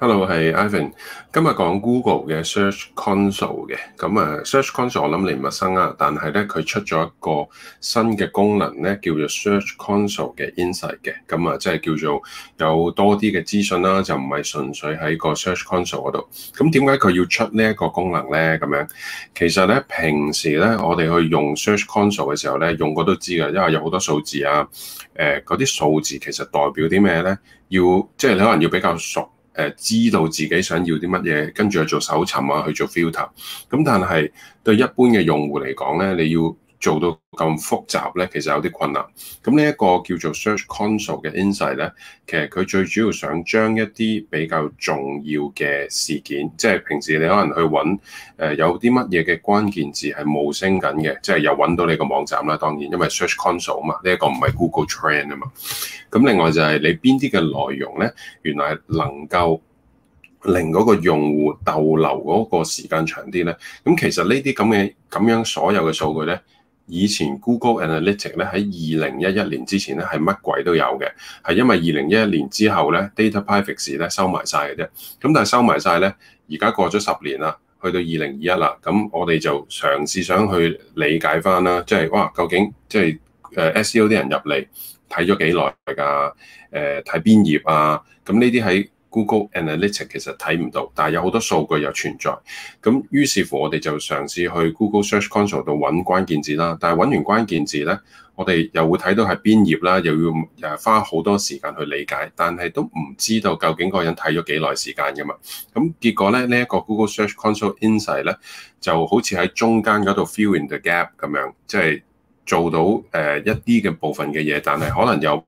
Hello，係 Ivan。今日講 Google 嘅 Search Console 嘅。咁啊，Search Console 我諗你唔陌生啊。但係咧，佢出咗一個新嘅功能咧，叫做 Search Console 嘅 Insight 嘅。咁啊，即係叫做有多啲嘅資訊啦，就唔係純粹喺個 Search Console 嗰度。咁點解佢要出呢一個功能咧？咁樣其實咧，平時咧我哋去用 Search Console 嘅時候咧，用過都知噶，因為有好多數字啊。誒、呃，嗰啲數字其實代表啲咩咧？要即係你可能要比較熟。知道自己想要啲乜嘢，跟住去做搜尋啊，去做 filter。咁但係對一般嘅用戶嚟講呢，你要做到咁複雜呢，其實有啲困難。咁呢一個叫做 Search Console 嘅 insight 呢，其實佢最主要想將一啲比較重要嘅事件，即係平時你可能去揾誒、呃、有啲乜嘢嘅關鍵字係冇聲緊嘅，即係又揾到你個網站啦。當然，因為 Search Console 嘛，呢、呢、一個唔係 Google Trend 啊嘛。咁另外就係你邊啲嘅內容呢？原來能夠令嗰個用戶逗留嗰個時間長啲呢。咁其實呢啲咁嘅咁樣所有嘅數據呢。以前 Google Analytics 咧，喺二零一一年之前咧，係乜鬼都有嘅，係因為二零一一年之後咧 Data Privacy 咧，收埋晒嘅啫。咁但係收埋晒咧，而家過咗十年啦，去到二零二一啦，咁我哋就嘗試想去理解返啦，即係哇究竟即係誒 SEO 啲人入嚟睇咗幾耐㗎？誒睇邊頁啊？咁呢啲喺 Google Analytics 其實睇唔到，但係有好多數據又存在。咁於是乎，我哋就嘗試去 Google Search Console 度揾關鍵字啦。但係揾完關鍵字呢，我哋又會睇到係邊頁啦，又要誒花好多時間去理解，但係都唔知道究竟嗰個人睇咗幾耐時間㗎嘛。咁結果咧，呢、這、一個 Google Search Console insight 呢，就好似喺中間嗰度 fill in the gap 咁樣，即、就、係、是、做到誒一啲嘅部分嘅嘢，但係可能有。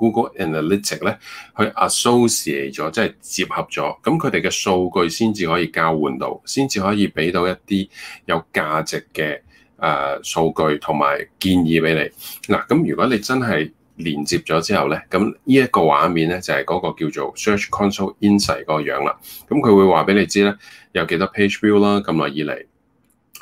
Google Analytics 咧，去 associate 咗，即係結合咗，咁佢哋嘅數據先至可以交換到，先至可以俾到一啲有價值嘅誒、呃、數據同埋建議俾你。嗱、啊，咁如果你真係連接咗之後咧，咁呢一個畫面咧就係、是、嗰個叫做 Search Console Insight 嗰個樣啦。咁佢會話俾你知咧，有幾多 page view 啦，咁耐以嚟。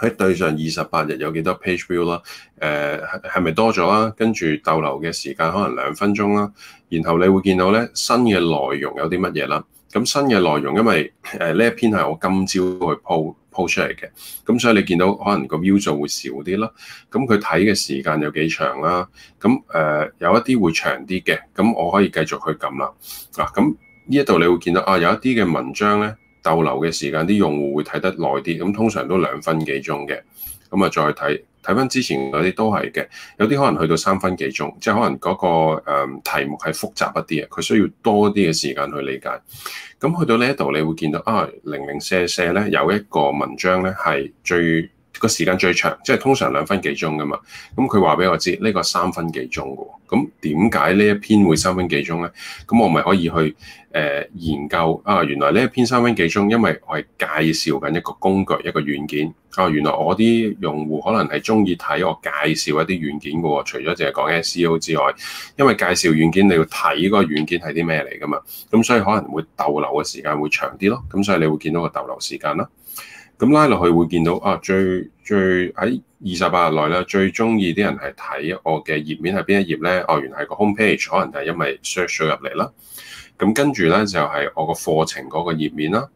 喺對上二十八日有幾多 page view 啦、啊？誒係咪多咗啦？跟住逗留嘅時間可能兩分鐘啦、啊。然後你會見到咧新嘅內容有啲乜嘢啦？咁新嘅內容因為誒呢一篇係我今朝去鋪 po，鋪出嚟嘅，咁所以你見到可能個 view 數會少啲啦。咁佢睇嘅時間有幾長啦、啊？咁誒、uh，有一啲會長啲嘅，咁我可以繼續去撳啦。嗱，咁呢一度你會見到啊，有一啲嘅文章咧。逗留嘅時間，啲用戶會睇得耐啲，咁通常都兩分幾鐘嘅，咁啊再睇睇返之前嗰啲都係嘅，有啲可能去到三分幾鐘，即係可能嗰、那個誒、嗯、題目係複雜一啲嘅，佢需要多啲嘅時間去理解，咁去到呢一度你會見到啊零零舍舍咧有一個文章咧係最。個時間最長，即係通常兩分幾鐘噶嘛。咁佢話俾我知，呢個三分幾鐘喎。咁點解呢一篇會三分幾鐘呢？咁我咪可以去誒、呃、研究啊。原來呢一篇三分幾鐘，因為我係介紹緊一個工具、一個軟件。啊，原來我啲用戶可能係中意睇我介紹一啲軟件嘅喎。除咗淨係講 SEO 之外，因為介紹軟件，你要睇嗰個軟件係啲咩嚟噶嘛。咁所以可能會逗留嘅時間會長啲咯。咁所以你會見到個逗留時間咯。咁拉落去會見到啊，最最喺二十八日內咧，最中意啲人係睇我嘅頁面係邊一頁咧？哦，原來係個 home page，可能就係因為 search 咗入嚟啦。咁跟住咧就係、是、我個課程嗰個頁面啦，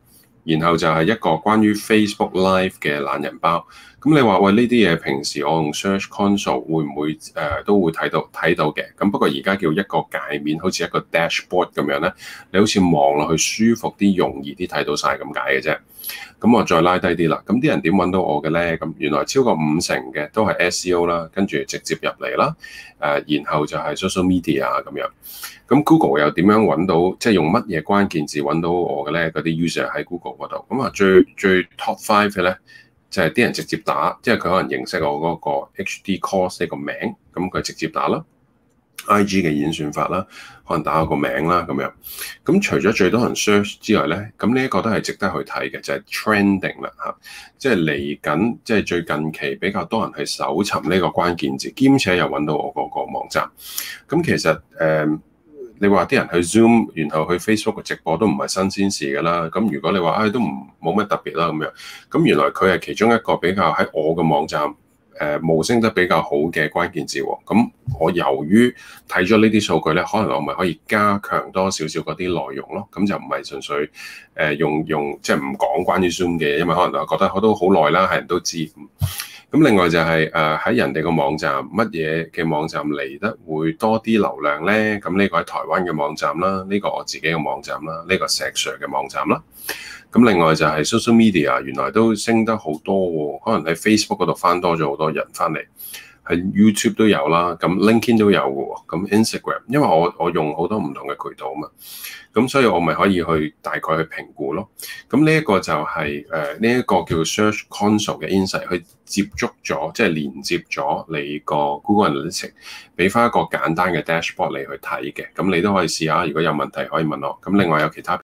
然後就係一個關於 Facebook Live 嘅懶人包。咁你話喂呢啲嘢，平時我用 search console 會唔會誒、呃、都會睇到睇到嘅？咁不過而家叫一個界面，好似一個 dashboard 咁樣咧，你好似望落去舒服啲，容易啲睇到晒。咁解嘅啫。咁我再拉低啲啦，咁啲人點揾到我嘅咧？咁原來超過五成嘅都係 SEO 啦，跟住直接入嚟啦，誒、呃，然後就係 social media 啊咁樣。咁 Google 又點樣揾到？即係用乜嘢關鍵字揾到我嘅咧？嗰啲 user 喺 Google 嗰度。咁啊最最 top five 嘅咧，就係、是、啲人直接打，即係佢可能認識我嗰個 HD course 呢個名，咁佢直接打啦。IG 嘅演算法啦，可能打我個名啦咁樣。咁除咗最多人 search 之外咧，咁呢一個都係值得去睇嘅，就係、是、trending 啦吓，即係嚟緊，即、就、係、是就是、最近期比較多人去搜尋呢個關鍵字，兼且又揾到我嗰個網站。咁其實誒、呃，你話啲人去 Zoom，然後去 Facebook 嘅直播都唔係新鮮事㗎啦。咁如果你話唉、哎、都唔冇乜特別啦咁樣，咁原來佢係其中一個比較喺我嘅網站。誒無升得比較好嘅關鍵字喎、哦，咁我由於睇咗呢啲數據呢，可能我咪可以加強多少少嗰啲內容咯，咁就唔係純粹誒、呃、用用即係唔講關於 Zoom 嘅，因為可能我覺得我都好耐啦，係人都知。咁另外就係誒喺人哋個網站乜嘢嘅網站嚟得會多啲流量呢？咁呢個係台灣嘅網站啦，呢、這個我自己嘅網站啦，呢、這個石 Sir 嘅網站啦。咁另外就係 social media，原來都升得好多喎、哦，可能喺 Facebook 嗰度翻多咗好多人翻嚟，喺 YouTube 都有啦，咁 LinkedIn 都有嘅喎、哦，咁 Instagram，因為我我用好多唔同嘅渠道嘛，咁所以我咪可以去大概去評估咯。咁呢一個就係誒呢一個叫 Search Console 嘅 Insight，佢接觸咗即係連接咗你個 Google Analytics，俾翻一個簡單嘅 dashboard 你去睇嘅，咁你都可以試下，如果有問題可以問我。咁另外有其他。